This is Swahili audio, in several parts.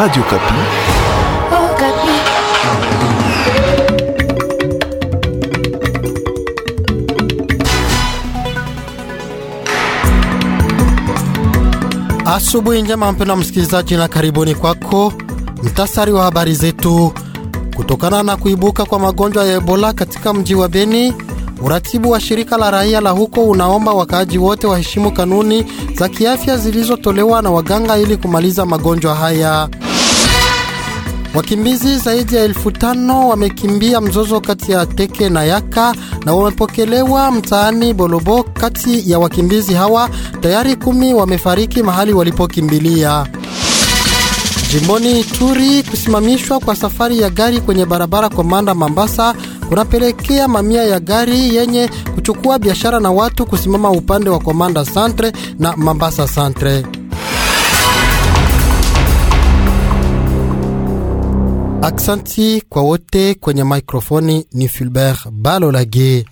Radio Kapi. Oh, Kapi. Asubuhi njema mpendwa msikilizaji na karibuni kwako. Mtasari wa habari zetu. Kutokana na kuibuka kwa magonjwa ya Ebola katika mji wa Beni, Uratibu wa shirika la raia la huko unaomba wakaaji wote waheshimu kanuni za kiafya zilizotolewa na waganga ili kumaliza magonjwa haya. Wakimbizi zaidi ya elfu tano wamekimbia mzozo kati ya Teke na Yaka na wamepokelewa mtaani Bolobo. Kati ya wakimbizi hawa tayari kumi wamefariki mahali walipokimbilia. Jimboni Ituri, kusimamishwa kwa safari ya gari kwenye barabara Komanda Mambasa kunapelekea mamia ya gari yenye kuchukua biashara na watu kusimama upande wa Komanda Centre na Mambasa Centre. Aksanti kwa wote. Kwenye mikrofoni, ni Fulbert Balolage.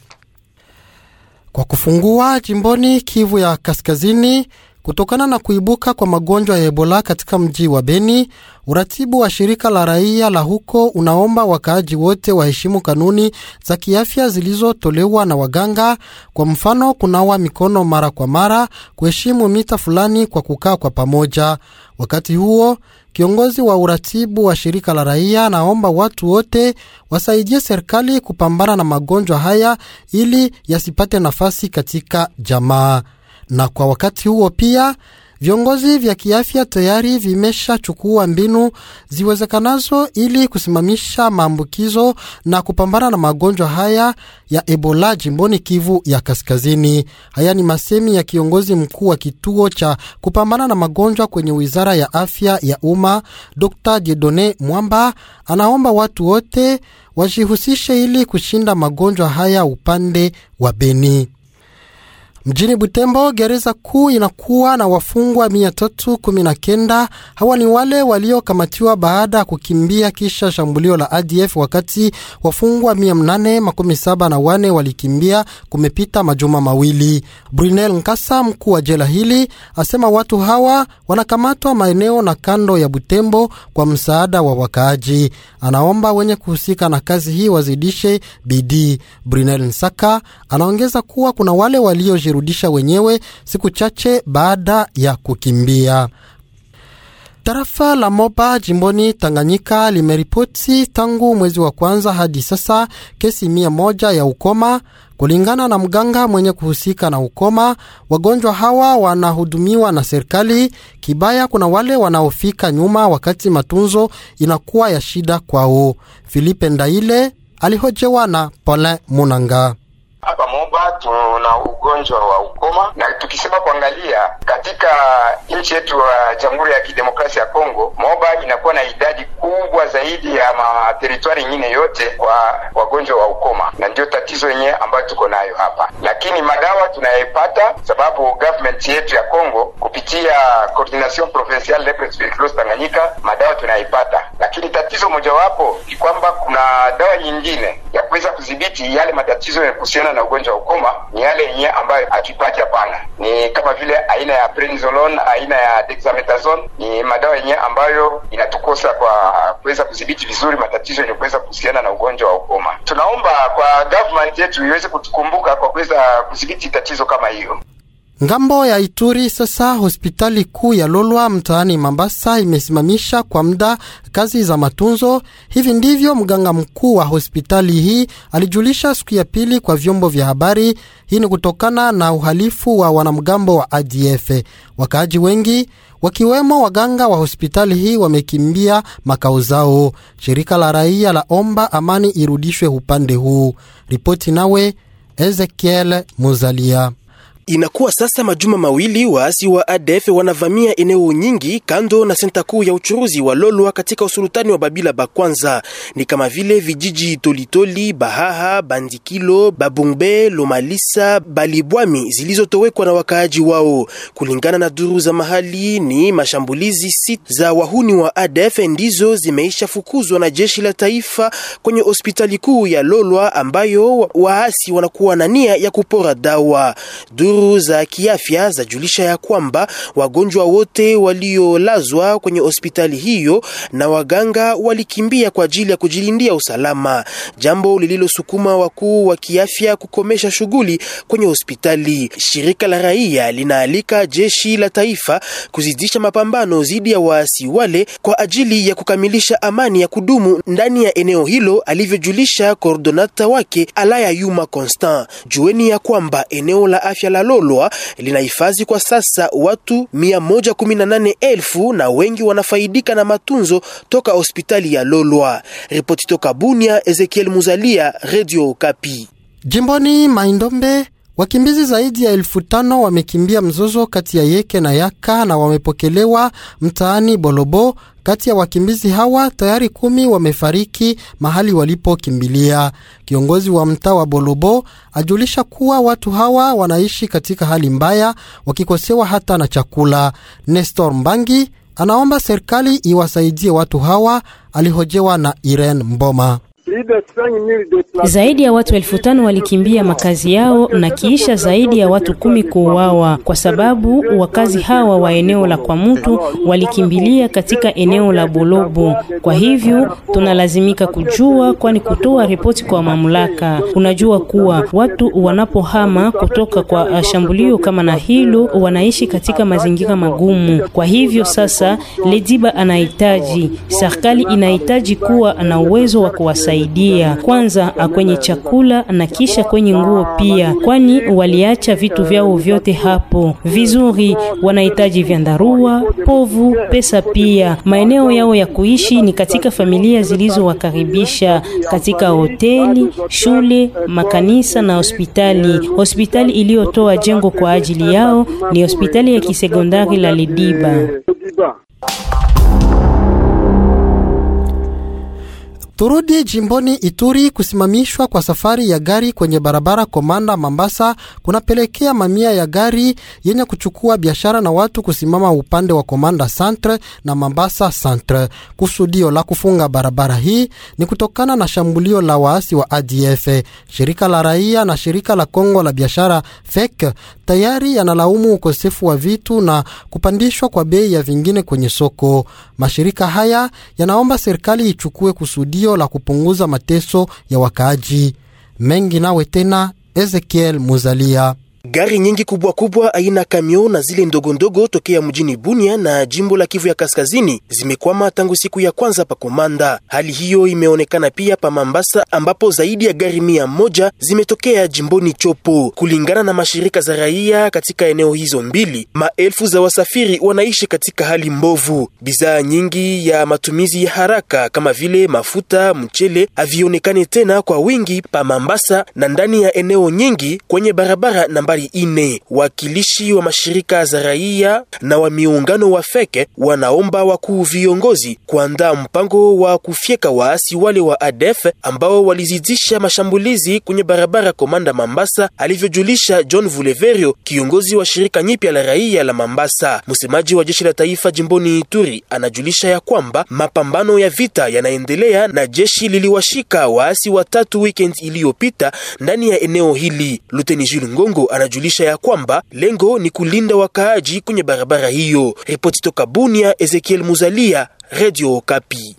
Kwa kufungua jimboni Kivu ya Kaskazini, kutokana na kuibuka kwa magonjwa ya Ebola katika mji wa Beni, uratibu wa shirika la raia la huko unaomba wakaaji wote waheshimu kanuni za kiafya zilizotolewa na waganga, kwa mfano kunawa mikono mara kwa mara, kuheshimu mita fulani kwa kukaa kwa pamoja. Wakati huo Kiongozi wa uratibu wa shirika la raia anaomba watu wote wasaidie serikali kupambana na magonjwa haya ili yasipate nafasi katika jamaa. Na kwa wakati huo pia Viongozi vya kiafya tayari vimeshachukua mbinu ziwezekanazo ili kusimamisha maambukizo na kupambana na magonjwa haya ya Ebola jimboni Kivu ya Kaskazini. Haya ni masemi ya kiongozi mkuu wa kituo cha kupambana na magonjwa kwenye Wizara ya Afya ya Umma, Dr. Jedone Mwamba. Anaomba watu wote wajihusishe ili kushinda magonjwa haya upande wa Beni. Mjini Butembo, gereza kuu inakuwa na wafungwa 319. Hawa ni wale waliokamatiwa baada ya kukimbia kisha shambulio la ADF, wakati wafungwa wane walikimbia. Kumepita majuma mawili. Brunel Nkasa, mkuu wa jela hili, asema watu hawa wanakamatwa maeneo na kando ya Butembo kwa msaada wa wakaaji. Anaomba wenye kuhusika na kazi hii wazidishe bidii. Brunel Nsaka anaongeza kuwa kuna wale walio wamejirudisha wenyewe siku chache baada ya kukimbia. Tarafa la Moba jimboni Tanganyika limeripoti tangu mwezi wa kwanza hadi sasa kesi mia moja ya ukoma. Kulingana na mganga mwenye kuhusika na ukoma, wagonjwa hawa wanahudumiwa na serikali. Kibaya kuna wale wanaofika nyuma wakati matunzo inakuwa ya shida kwao. Filipe Ndaile alihojewa na Paulin Munanga tuna ugonjwa wa ukoma, na tukisema kuangalia katika nchi yetu ya Jamhuri ya Kidemokrasia ya Kongo, Moba inakuwa na idadi kubwa zaidi ya materitwari nyingine yote kwa wagonjwa wa ukoma, na ndio tatizo yenyewe ambayo tuko nayo hapa, lakini madawa tunayepata sababu government yetu ya Kongo kupitia coordination provinciale Tanganyika, madawa tunayepata lakini tatizo mojawapo ni kwamba kuna dawa nyingine ya kuweza kudhibiti yale matatizo yanayohusiana na ugonjwa wa ukoma, ni yale yenyewe ambayo hatuipati hapana, ni kama vile aina ya prednisolone, aina ya dexamethasone, ni madawa yenyewe ambayo inatukosa kwa kuweza kudhibiti vizuri matatizo kuweza kuhusiana na ugonjwa wa ukoma. Tunaomba kwa government yetu iweze kutukumbuka kwa kuweza kudhibiti tatizo kama hiyo. Ngambo ya Ituri sasa, hospitali kuu ya Lolwa mtaani Mambasa imesimamisha kwa muda kazi za matunzo. Hivi ndivyo mganga mkuu wa hospitali hii alijulisha siku ya pili kwa vyombo vya habari. Hii ni kutokana na uhalifu wa wanamgambo wa ADF. Wakaaji wengi wakiwemo waganga wa hospitali hii wamekimbia makao zao. Shirika la raia la omba amani irudishwe upande huu. Ripoti nawe Ezekiel Muzalia. Inakuwa sasa majuma mawili waasi wa ADF wanavamia eneo nyingi kando na senta kuu ya uchuruzi wa Lolwa katika usultani wa Babila Bakwanza, ni kama vile vijiji Tolitoli, Bahaha, Bandikilo, Babungbe, Lomalisa, Balibwami zilizotowekwa na wakaaji wao. Kulingana na duru za mahali, ni mashambulizi sita za wahuni wa ADF ndizo zimeisha fukuzwa na jeshi la taifa kwenye hospitali kuu ya Lolwa ambayo waasi wanakuwa na nia ya kupora dawa duru duru za kiafya zajulisha ya kwamba wagonjwa wote waliolazwa kwenye hospitali hiyo na waganga walikimbia kwa ajili ya kujilindia usalama, jambo lililosukuma wakuu wa kiafya kukomesha shughuli kwenye hospitali. Shirika la raia linaalika jeshi la taifa kuzidisha mapambano dhidi ya waasi wale kwa ajili ya kukamilisha amani ya kudumu ndani ya eneo hilo, alivyojulisha koordonata wake Alaya Yuma Constant. Jueni ya kwamba eneo la afya la Lolwa linahifadhi kwa sasa watu 118,000 na wengi wanafaidika na matunzo toka hospitali ya Lolwa. Ripoti toka Bunia, Ezekiel Muzalia, Radio kapi Jimboni Maindombe Wakimbizi zaidi ya elfu tano wamekimbia mzozo kati ya Yeke na Yaka na wamepokelewa mtaani Bolobo kati ya wakimbizi hawa tayari kumi wamefariki mahali walipokimbilia. Kiongozi wa mtaa wa Bolobo ajulisha kuwa watu hawa wanaishi katika hali mbaya, wakikosewa hata na chakula. Nestor Mbangi anaomba serikali iwasaidie watu hawa. Alihojewa na Irene Mboma. Zaidi ya watu elfu tano walikimbia makazi yao na kiisha zaidi ya watu kumi kuuawa, kwa sababu wakazi hawa wa eneo la kwa mtu walikimbilia katika eneo la Bolobo. Kwa hivyo tunalazimika kujua, kwani kutoa ripoti kwa mamlaka. Unajua kuwa watu wanapohama kutoka kwa ah, shambulio kama na hilo, wanaishi katika mazingira magumu. Kwa hivyo sasa, Lediba anahitaji serikali inahitaji kuwa na uwezo wa kuwasaidia kusaidia kwanza kwenye chakula na kisha kwenye nguo pia, kwani waliacha vitu vyao vyote hapo vizuri. Wanahitaji vyandarua, povu, pesa pia. Maeneo yao ya kuishi ni katika familia zilizowakaribisha katika hoteli, shule, makanisa na hospitali. Hospitali iliyotoa jengo kwa ajili yao ni hospitali ya kisekondari la Lidiba. Turudi jimboni Ituri. Kusimamishwa kwa safari ya gari kwenye barabara Komanda Mambasa kunapelekea mamia ya gari yenye kuchukua biashara na watu kusimama upande wa Komanda Centre na Mambasa Centre. Kusudio la kufunga barabara hii ni kutokana na shambulio la waasi wa ADF. Shirika la raia na shirika la Kongo la biashara FEC tayari yanalaumu ukosefu wa vitu na kupandishwa kwa bei ya vingine kwenye soko. Mashirika haya yanaomba serikali ichukue kusudio kusudio la kupunguza mateso ya wakaaji mengi. Nawe tena Ezekiel Muzalia. Gari nyingi kubwa kubwa aina kamio na zile ndogo ndogo tokea mjini Bunia na jimbo la Kivu ya Kaskazini zimekwama tangu siku ya kwanza pa Komanda. Hali hiyo imeonekana pia pa Mambasa ambapo zaidi ya gari mia moja zimetokea jimboni Chopo. Kulingana na mashirika za raia katika eneo hizo mbili, maelfu za wasafiri wanaishi katika hali mbovu. Bidhaa nyingi ya matumizi ya haraka kama vile mafuta, mchele havionekani tena kwa wingi pa Mambasa na ndani ya eneo nyingi kwenye barabara namba mbalimbali ine. Wakilishi wa mashirika za raia na wa miungano wa feke wanaomba wakuu viongozi kuandaa mpango wa kufyeka waasi wale wa ADF ambao walizidisha mashambulizi kwenye barabara Komanda Mambasa, alivyojulisha John Vuleverio, kiongozi wa shirika nyipya la raia la Mambasa. Msemaji wa jeshi la taifa jimboni Ituri anajulisha ya kwamba mapambano ya vita yanaendelea na jeshi liliwashika waasi watatu weekend iliyopita ndani ya eneo hili. Luteni Jules Ngongo ana wanajulisha ya kwamba lengo ni kulinda wakaaji kwenye barabara hiyo. Ripoti toka Bunia, Ezekiel Muzalia, Radio Okapi.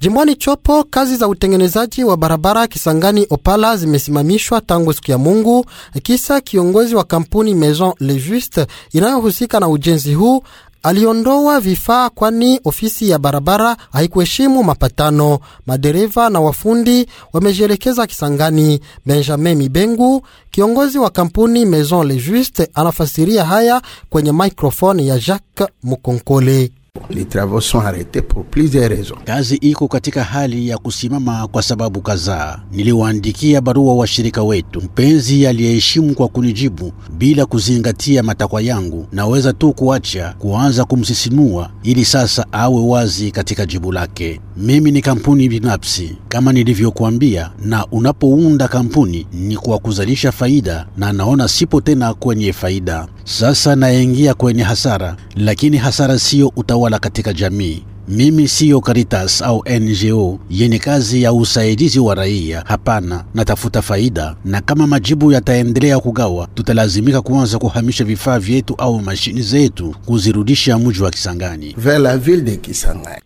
Jimbwani Chopo, kazi za utengenezaji wa barabara Kisangani Opala zimesimamishwa tangu siku ya Mungu, kisa kiongozi wa kampuni Maison Le Juste inayohusika na ujenzi huu aliondoa vifaa, kwani ofisi ya barabara haikuheshimu mapatano. Madereva na wafundi wamejielekeza Kisangani. Benjamin Mibengu, kiongozi wa kampuni Maison Le Juste, anafasiria haya kwenye microfone ya Jacques Mukonkole. Les travaux sont arrêtés pour plusieurs raisons. Kazi iko katika hali ya kusimama kwa sababu kadhaa. Niliwaandikia barua washirika wetu. Mpenzi aliyeheshimu kwa kunijibu bila kuzingatia matakwa yangu, naweza tu kuacha kuanza kumsisimua ili sasa awe wazi katika jibu lake. Mimi ni kampuni binafsi kama nilivyokuambia, na unapounda kampuni ni kwa kuzalisha faida, na naona sipo tena kwenye faida. Sasa naingia kwenye hasara, lakini hasara siyo utawa utawala katika jamii. Mimi siyo Caritas au NGO yenye kazi ya usaidizi wa raia. Hapana, natafuta faida, na kama majibu yataendelea kugawa, tutalazimika kuanza kuhamisha vifaa vyetu au mashini zetu kuzirudisha mji wa Kisangani, vers la ville de Kisangani.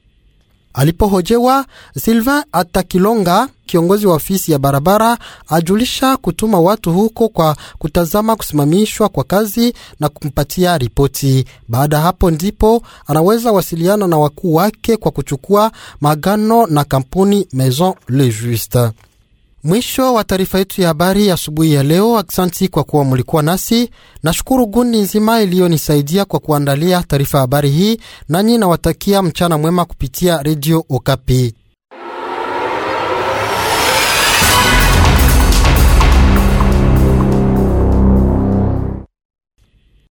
Alipohojewa, Sylvain Atakilonga, kiongozi wa ofisi ya barabara, ajulisha kutuma watu huko kwa kutazama kusimamishwa kwa kazi na kumpatia ripoti. Baada ya hapo ndipo anaweza wasiliana na wakuu wake kwa kuchukua magano na kampuni Maison Le Juste. Mwisho wa taarifa yetu ya habari asubuhi ya, leo. Aksanti kwa kuwa mulikuwa nasi. Nashukuru gundi nzima iliyonisaidia kwa kuandalia taarifa ya habari hii, nanyi nawatakia mchana mwema kupitia redio Okapi.